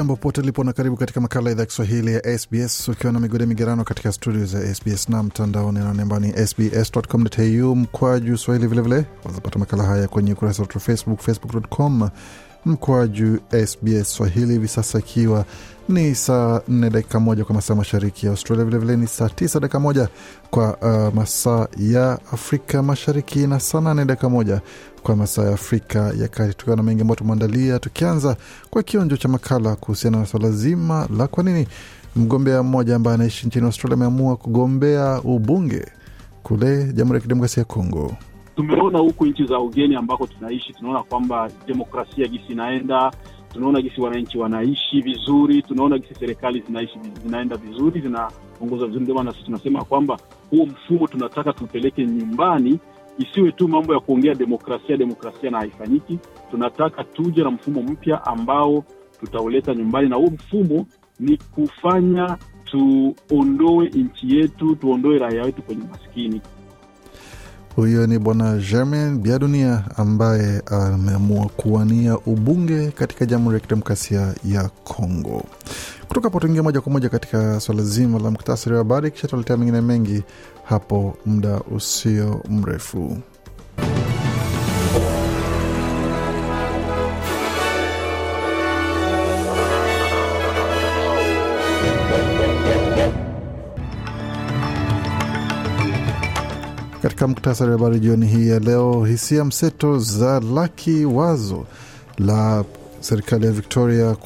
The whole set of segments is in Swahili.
Hujambo popote ulipo na karibu katika makala idhaa Kiswahili ya SBS ukiwa na migode migerano katika studio za SBS na mtandaoni naonembani sbs.com.au mkwaju swahili. Vilevile wazapata makala haya kwenye ukurasa wetu wa Facebook, facebook.com mkwaju SBS Swahili, hivi sasa ikiwa ni saa 4 dakika moja kwa masaa mashariki ya Australia, vilevile vile ni saa 9 dakika moja kwa uh, masaa ya Afrika Mashariki na saa 8 dakika moja kwa masaa ya Afrika ya Kati, tukiwa na mengi ambayo tumeandalia, tukianza kwa kionjo cha makala kuhusiana na swala zima la kwa nini mgombea mmoja ambaye anaishi nchini Australia ameamua kugombea ubunge kule Jamhuri ya Kidemokrasia ya Kongo. Tumeona huku nchi za ugeni ambako tunaishi, tunaona kwamba demokrasia gisi inaenda tunaona jinsi wananchi wanaishi vizuri, tunaona jinsi serikali zinaishi zinaenda vizuri, zinaongoza vizuri. Ndio maana sisi tunasema kwamba huo mfumo tunataka tupeleke nyumbani, isiwe tu mambo ya kuongea demokrasia demokrasia na haifanyiki. Tunataka tuje na mfumo mpya ambao tutauleta nyumbani, na huo mfumo ni kufanya tuondoe nchi yetu, tuondoe raia wetu kwenye maskini. Huyo ni bwana Germain Biadunia ambaye ameamua kuwania ubunge katika Jamhuri ya Kidemokrasia ya Kongo. Kutoka hapo tuingia moja kwa moja katika swala zima la muktasari wa habari, kisha tunaletea mengine mengi hapo muda usio mrefu. katika muktasari wa habari jioni hii ya leo, hisia mseto za laki wazo la serikali ya Victoria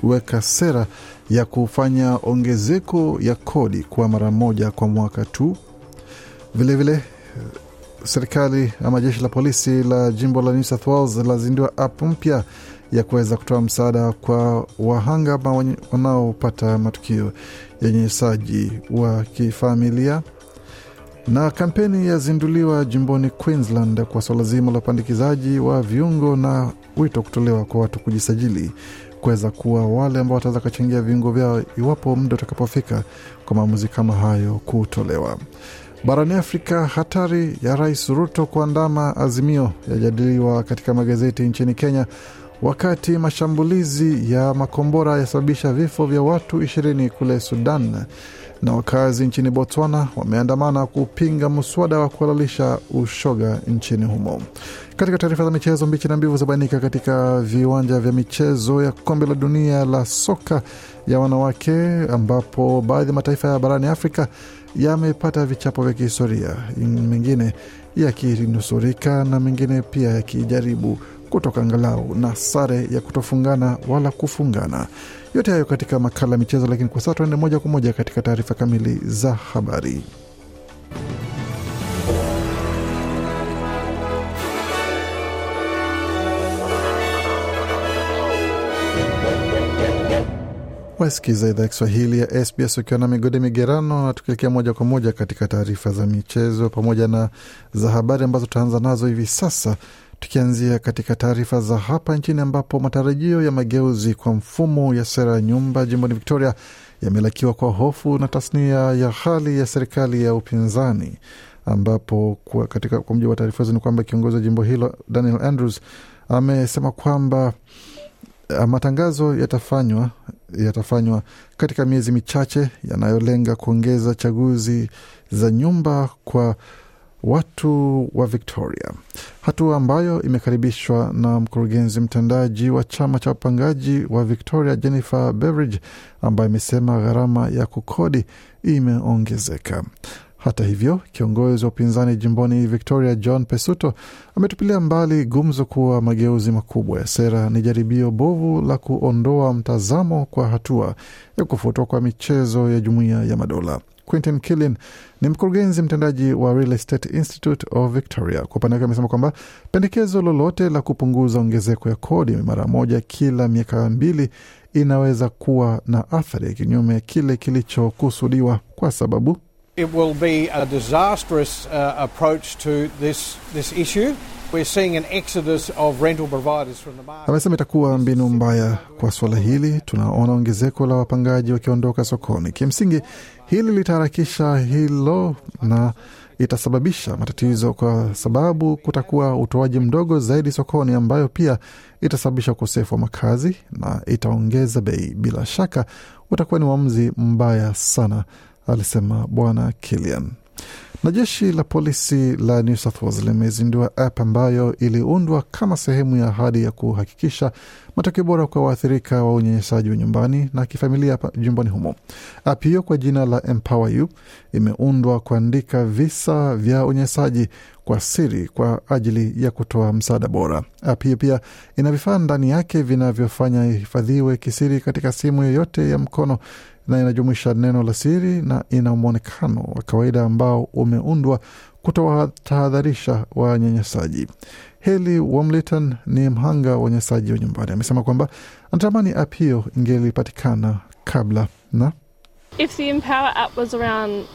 kuweka sera ya kufanya ongezeko ya kodi kwa mara moja kwa mwaka tu. Vilevile vile, serikali ama jeshi la polisi la jimbo la New South Wales lazindua app mpya ya kuweza kutoa msaada kwa wahanga ama wanaopata matukio ya unyenyesaji wa kifamilia. Na kampeni yazinduliwa jimboni Queensland kwa swala zima la upandikizaji wa viungo na wito kutolewa kwa watu kujisajili kuweza kuwa wale ambao wataweza kachangia viungo vyao iwapo muda utakapofika kwa maamuzi kama hayo kutolewa. Barani Afrika, hatari ya Rais Ruto kuandama azimio yajadiliwa katika magazeti nchini Kenya, wakati mashambulizi ya makombora yasababisha vifo vya watu ishirini kule Sudan na wakazi nchini Botswana wameandamana kupinga mswada wa kuhalalisha ushoga nchini humo. Katika taarifa za michezo, mbichi na mbivu zabainika katika viwanja vya michezo ya kombe la dunia la soka ya wanawake, ambapo baadhi ya mataifa ya barani Afrika yamepata vichapo vya kihistoria, mengine yakinusurika na mengine pia yakijaribu kutoka angalau na sare ya kutofungana wala kufungana. Yote hayo katika makala ya michezo, lakini kwa sasa tuende moja kwa moja katika taarifa kamili za habari. Wasikiza idhaa ya Kiswahili ya SBS ukiwa na migodi migerano, na tukielekea moja kwa moja katika taarifa za michezo pamoja na za habari ambazo tutaanza nazo hivi sasa Tukianzia katika taarifa za hapa nchini ambapo matarajio ya mageuzi kwa mfumo ya sera ya nyumba jimboni Victoria yamelakiwa kwa hofu na tasnia ya hali ya serikali ya upinzani ambapo kwa, katika, kwa mujibu wa taarifa hizo ni kwamba kiongozi wa jimbo hilo Daniel Andrews amesema kwamba eh, matangazo yatafanywa yatafanywa katika miezi michache yanayolenga kuongeza chaguzi za nyumba kwa watu wa Victoria, hatua ambayo imekaribishwa na mkurugenzi mtendaji wa chama cha wapangaji wa Victoria, Jennifer Beveridge, ambaye imesema gharama ya kukodi imeongezeka. Hata hivyo, kiongozi wa upinzani jimboni Victoria, John Pesuto, ametupilia mbali gumzo kuwa mageuzi makubwa ya sera ni jaribio bovu la kuondoa mtazamo kwa hatua ya kufutwa kwa michezo ya Jumuiya ya Madola. Quentin Killian ni mkurugenzi mtendaji wa Real Estate Institute of Victoria. Kwa upande wake amesema kwamba pendekezo lolote la kupunguza ongezeko ya kodi mara moja kila miaka mbili inaweza kuwa na athari ya kinyume kile kilichokusudiwa kwa sababu it will be a disastrous uh, approach to this, this issue Amesema itakuwa mbinu mbaya kwa suala hili. Tunaona ongezeko la wapangaji wakiondoka sokoni. Kimsingi, hili litaharakisha hilo na itasababisha matatizo, kwa sababu kutakuwa utoaji mdogo zaidi sokoni, ambayo pia itasababisha ukosefu wa makazi na itaongeza bei. Bila shaka utakuwa ni uamuzi mbaya sana, alisema Bwana Kilian. Na jeshi la polisi la New South Wales limezindua app ambayo iliundwa kama sehemu ya ahadi ya kuhakikisha matokeo bora kwa waathirika wa unyanyasaji wa nyumbani na kifamilia jumbani humo. App hiyo kwa jina la Empower You imeundwa kuandika visa vya unyanyasaji kwa siri kwa ajili ya kutoa msaada bora. App hiyo pia ina vifaa ndani yake vinavyofanya ihifadhiwe kisiri katika simu yoyote ya mkono na inajumuisha neno la siri na ina mwonekano wa kawaida ambao umeundwa kutowatahadharisha wanyanyasaji. Heli Wamlitan ni mhanga wa unyanyasaji wa nyumbani, amesema kwamba anatamani ap hiyo ingelipatikana kabla na If the Empower app was around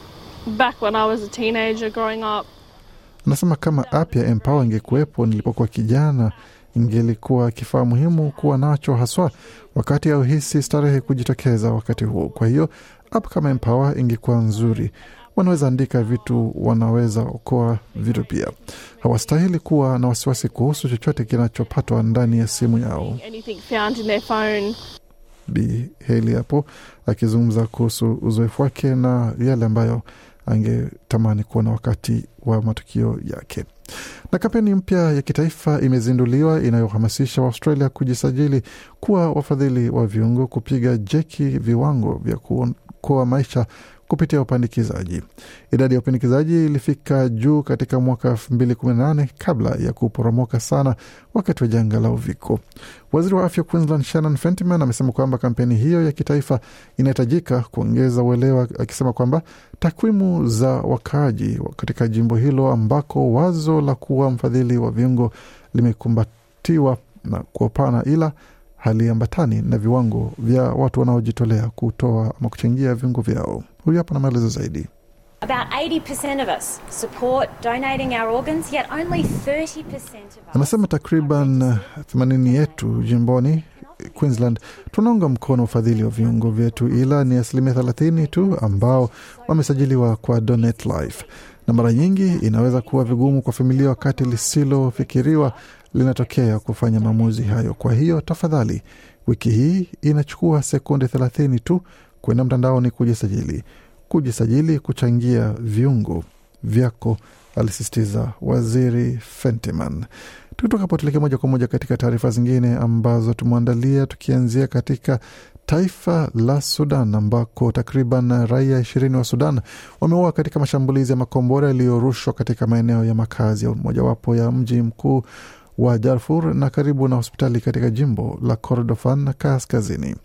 back when I was a teenager growing up. Anasema kama app ya Empower ingekuwepo nilipokuwa kijana ingelikuwa kifaa muhimu kuwa nacho haswa wakati au hisi starehe kujitokeza wakati huo. Kwa hiyo app kama mpawa ingekuwa nzuri. Wanaweza andika vitu, wanaweza okoa vitu pia. Hawastahili kuwa na wasiwasi kuhusu chochote kinachopatwa ndani ya simu yao. Bi Heli hapo akizungumza kuhusu uzoefu wake na yale ambayo angetamani kuona wakati wa matukio yake. Na kampeni mpya ya kitaifa imezinduliwa inayohamasisha Waustralia kujisajili kuwa wafadhili wa viungo, kupiga jeki viwango vya kuokoa maisha kupitia upandikizaji. Idadi ya upandikizaji ilifika juu katika mwaka 2018 kabla ya kuporomoka sana wakati wa janga la Uviko. Waziri wa afya Queensland Shannon Fentiman amesema kwamba kampeni hiyo ya kitaifa inahitajika kuongeza uelewa, akisema kwamba takwimu za wakaaji katika jimbo hilo ambako wazo la kuwa mfadhili wa viungo limekumbatiwa na kuopana ila haliambatani na viwango vya watu wanaojitolea kutoa ama kuchangia viungo vyao. Huyu hapa na maelezo zaidi. Anasema takriban themanini yetu jimboni Queensland tunaunga mkono ufadhili wa viungo vyetu, ila ni asilimia thelathini tu ambao wamesajiliwa kwa Donate Life, na mara nyingi inaweza kuwa vigumu kwa familia wakati lisilofikiriwa linatokea kufanya maamuzi hayo. Kwa hiyo tafadhali, wiki hii inachukua sekunde thelathini tu kwenda mtandaoni kujisajili, kujisajili kuchangia viungo vyako, alisisitiza Waziri Fentiman. Tutokapo tuelekee moja kwa moja katika taarifa zingine ambazo tumeandalia, tukianzia katika taifa la Sudan ambako takriban raia ishirini wa Sudan wameua katika mashambulizi ya makombora yaliyorushwa katika maeneo ya makazi mojawapo ya mji mkuu wa Darfur na karibu na hospitali katika jimbo la Kordofan Kaskazini.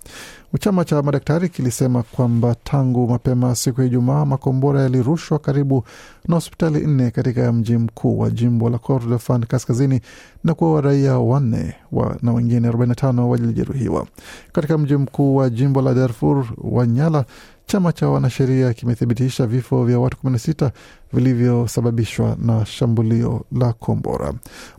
Chama cha madaktari kilisema kwamba tangu mapema siku ya Ijumaa makombora yalirushwa karibu na hospitali nne katika mji mkuu wa jimbo la Kordofan kaskazini na wa raia wanne wa, na wengine 45 walijeruhiwa katika mji mkuu wa jimbo la Darfur wa nyala Chama cha wanasheria kimethibitisha vifo vya watu 16 vilivyosababishwa na shambulio la kombora.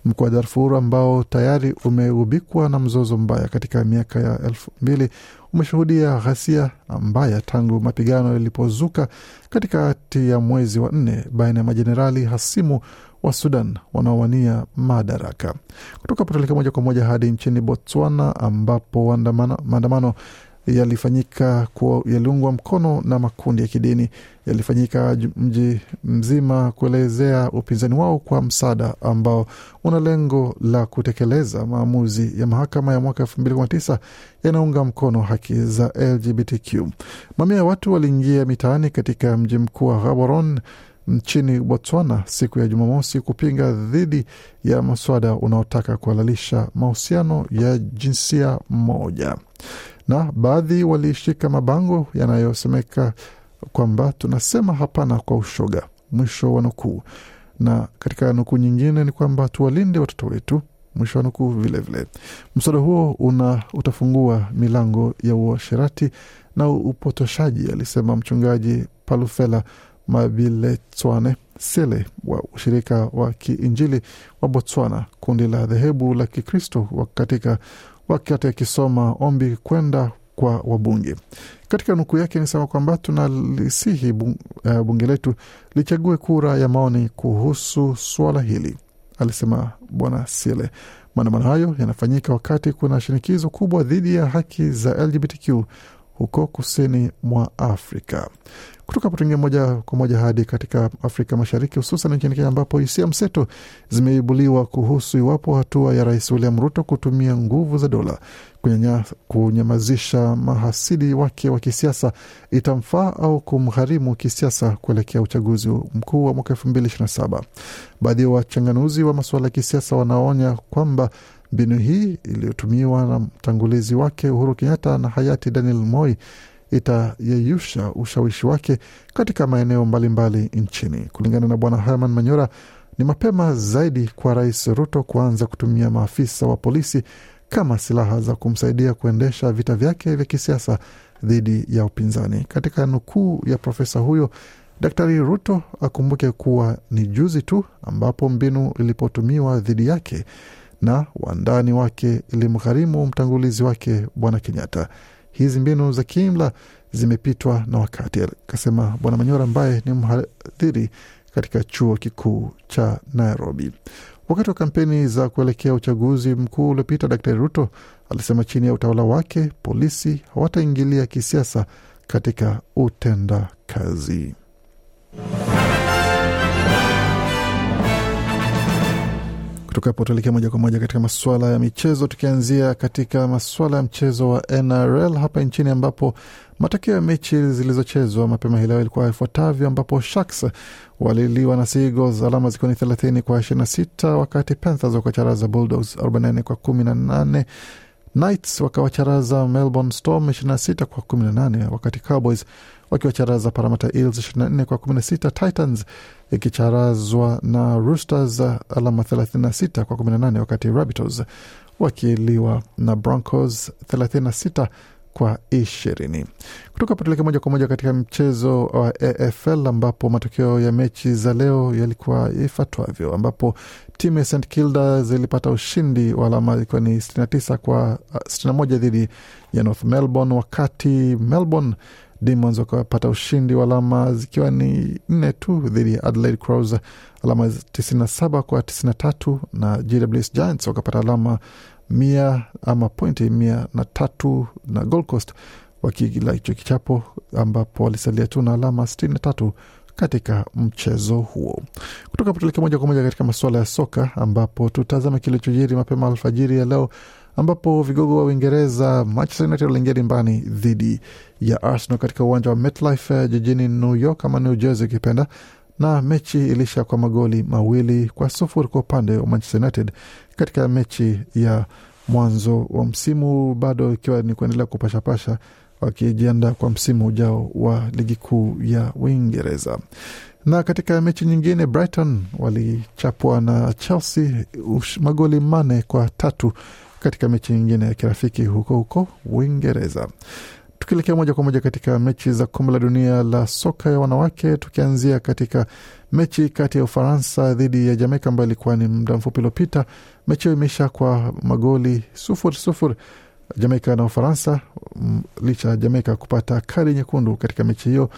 Mkoa wa Darfur ambao tayari umeubikwa na mzozo mbaya katika miaka ya elfu mbili umeshuhudia ghasia mbaya tangu mapigano yalipozuka katikati ya mwezi wa nne baina ya majenerali hasimu wa Sudan wanaowania madaraka. Kutoka potoleka moja kwa moja hadi nchini Botswana ambapo maandamano yalifanyika yaliungwa mkono na makundi ya kidini, yalifanyika mji mzima kuelezea upinzani wao kwa msaada ambao una lengo la kutekeleza maamuzi ya mahakama ya mwaka 219 yanaunga mkono haki za LGBTQ. Mamia ya watu waliingia mitaani katika mji mkuu wa gaboron nchini Botswana siku ya Jumamosi kupinga dhidi ya mswada unaotaka kuhalalisha mahusiano ya jinsia moja, na baadhi walishika mabango yanayosemeka kwamba tunasema hapana kwa ushoga, mwisho wa nukuu. Na katika nukuu nyingine ni kwamba tuwalinde watoto wetu mwisho wa nukuu. Vilevile, mswada huo una utafungua milango ya uasherati na upotoshaji, alisema mchungaji Palufela Mabiletswane Sele wa ushirika wa kiinjili wa Botswana, kundi la dhehebu la Kikristo katika wakati akisoma ombi kwenda kwa wabunge. Katika nukuu yake nisema kwamba tunalisihi eh, bunge letu lichague kura ya maoni kuhusu swala hili, alisema Bwana Sele. Maandamano hayo yanafanyika wakati kuna shinikizo kubwa dhidi ya haki za LGBTQ huko kusini mwa Afrika. Kutoka potengia moja kwa moja hadi katika Afrika Mashariki, hususan nchini Kenya ambapo hisia mseto zimeibuliwa kuhusu iwapo hatua ya Rais William Ruto kutumia nguvu za dola kunyamazisha mahasidi wake wa kisiasa itamfaa au kumgharimu kisiasa kuelekea uchaguzi mkuu wa mwaka elfu Baadhi ya wachanganuzi wa, wa masuala ya kisiasa wanaonya kwamba mbinu hii iliyotumiwa na mtangulizi wake Uhuru Kenyatta na hayati Daniel Moi itayeyusha ushawishi wake katika maeneo mbalimbali nchini. Kulingana na Bwana Herman Manyora, ni mapema zaidi kwa Rais Ruto kuanza kutumia maafisa wa polisi kama silaha za kumsaidia kuendesha vita vyake vya kisiasa dhidi ya upinzani. Katika nukuu ya profesa huyo, Daktari Ruto akumbuke kuwa ni juzi tu ambapo mbinu ilipotumiwa dhidi yake na wandani wake ilimgharimu mtangulizi wake Bwana Kenyatta hizi mbinu za kiimla zimepitwa na wakati, akasema Bwana Manyora ambaye ni mhadhiri katika chuo kikuu cha Nairobi. Wakati wa kampeni za kuelekea uchaguzi mkuu uliopita, Daktari Ruto alisema chini ya utawala wake polisi hawataingilia kisiasa katika utenda kazi. Tukapo tuelekea moja kwa moja katika masuala ya michezo, tukianzia katika masuala ya mchezo wa NRL hapa nchini ambapo matokeo ya mechi zilizochezwa mapema hi leo ilikuwa ifuatavyo, ambapo shaks waliliwa na Seagulls alama zikiwa ni thelathini kwa ishirini sita wakati Panthers wakacharaza Bulldogs arobaini kwa kumi na nane Knights wakawacharaza Melbourne Storm 26 kwa 18, wakati Cowboys wakiwacharaza Parramatta Eels 24 kwa 16, Titans ikicharazwa na Roosters alama 36 kwa 18, wakati Rabbitohs wakiliwa na Broncos 36 kwa ishirini. Kutoka patuleke moja kwa moja katika mchezo wa AFL ambapo matokeo ya mechi za leo yalikuwa ifatwavyo ambapo timu ya St Kilda zilipata ushindi wa alama ikiwa ni 69 kwa 61 dhidi ya North Melbourne, wakati Melbourne Demons wakapata ushindi wa alama zikiwa ni nne tu dhidi ya Adelaide Crows alama 97 kwa 93, na GWS Giants wakapata alama mia ama pointi mia na tatu na Gold Coast wakila hicho kichapo ambapo walisalia tu na alama 63 katika mchezo huo. Kutoka patuleke moja kwa moja katika masuala ya soka ambapo tutazame kilichojiri mapema alfajiri ya leo ambapo vigogo wa Uingereza Manchester United waliingia dimbani dhidi ya Arsenal katika uwanja wa MetLife eh, jijini New York ama New Jersey ukipenda, na mechi ilisha kwa magoli mawili kwa sufuri kwa upande wa Manchester United katika mechi ya mwanzo wa msimu, bado ikiwa ni kuendelea kupashapasha wakijiandaa kwa msimu ujao wa ligi kuu ya Uingereza. Na katika mechi nyingine, Brighton walichapwa na Chelsea magoli manne kwa tatu katika mechi nyingine ya kirafiki huko huko Uingereza. Tukielekea moja kwa moja katika mechi za kombe la dunia la soka ya wanawake, tukianzia katika mechi kati ya Ufaransa dhidi ya Jamaika ambayo ilikuwa ni muda mfupi uliopita. Mechi hiyo imeisha kwa magoli sufuri sufuri Jamaika na Ufaransa, mm, licha ya Jamaika kupata kadi nyekundu katika mechi hiyo,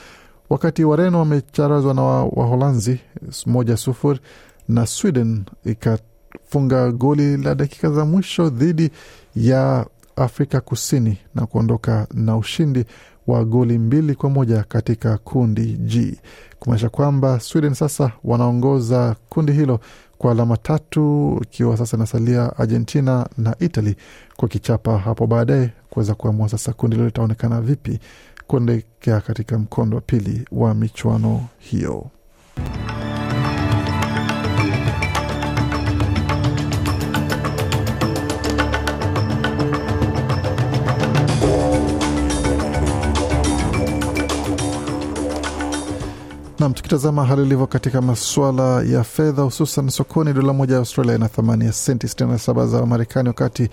wakati Wareno wamecharazwa na Waholanzi wa moja sufuri na Sweden ikat kufunga goli la dakika za mwisho dhidi ya Afrika Kusini na kuondoka na ushindi wa goli mbili kwa moja katika kundi G, kumaanisha kwamba Sweden sasa wanaongoza kundi hilo kwa alama tatu, ikiwa sasa inasalia Argentina na Italy kwa kichapa hapo baadaye kuweza kuamua sasa kundi hilo litaonekana vipi kuendekea katika mkondo wa pili wa michuano hiyo. Nam, tukitazama hali ilivyo katika masuala ya fedha, hususan sokoni, dola moja ya Australia ina thamani ya senti 67 za Marekani, wakati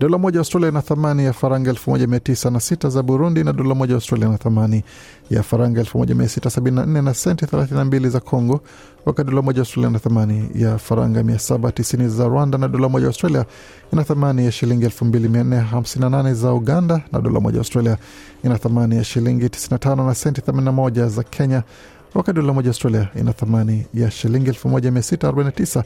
dola moja ya Australia ina thamani ya faranga 196 za Burundi, na dola moja ya Australia ina thamani ya faranga 1674 na senti 32 za Congo, wakati dola moja ya Australia ina thamani ya faranga 790 za Rwanda, na dola moja ya Australia ina thamani ya shilingi 2458 za Uganda, na dola moja ya Australia ina thamani ya shilingi 95 na senti 81 za Kenya Wakati dola moja Australia ina thamani ya shilingi 1649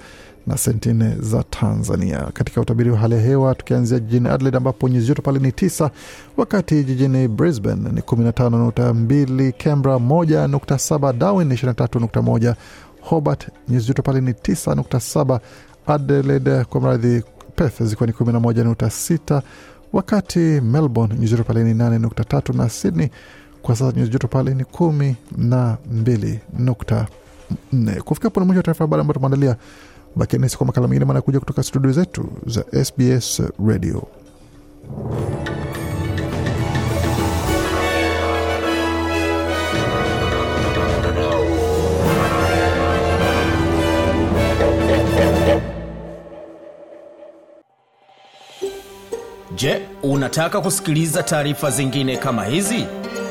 na senti nne za Tanzania. Katika utabiri wa hali ya hewa, tukianzia jijini Adelaide ambapo nyezi joto pale ni tisa wakati jijini Brisbane ni 15.2, cambra 1.7, Darwin 23.1, Hobart nyezi joto pale ni 9.7, Adelaide kwa mradhi peth zikiwa ni 11.6, wakati Melbourne nyuzi joto pale ni 8.3 na Sydney kwa sasa nyuzi joto pale ni kumi na mbili nukta nne. Kufikia pone mwisho wa taarifa habari ambayo tumeandalia. Bakia nasi kwa makala mengine manakuja kutoka studio zetu za SBS Radio. Je, unataka kusikiliza taarifa zingine kama hizi?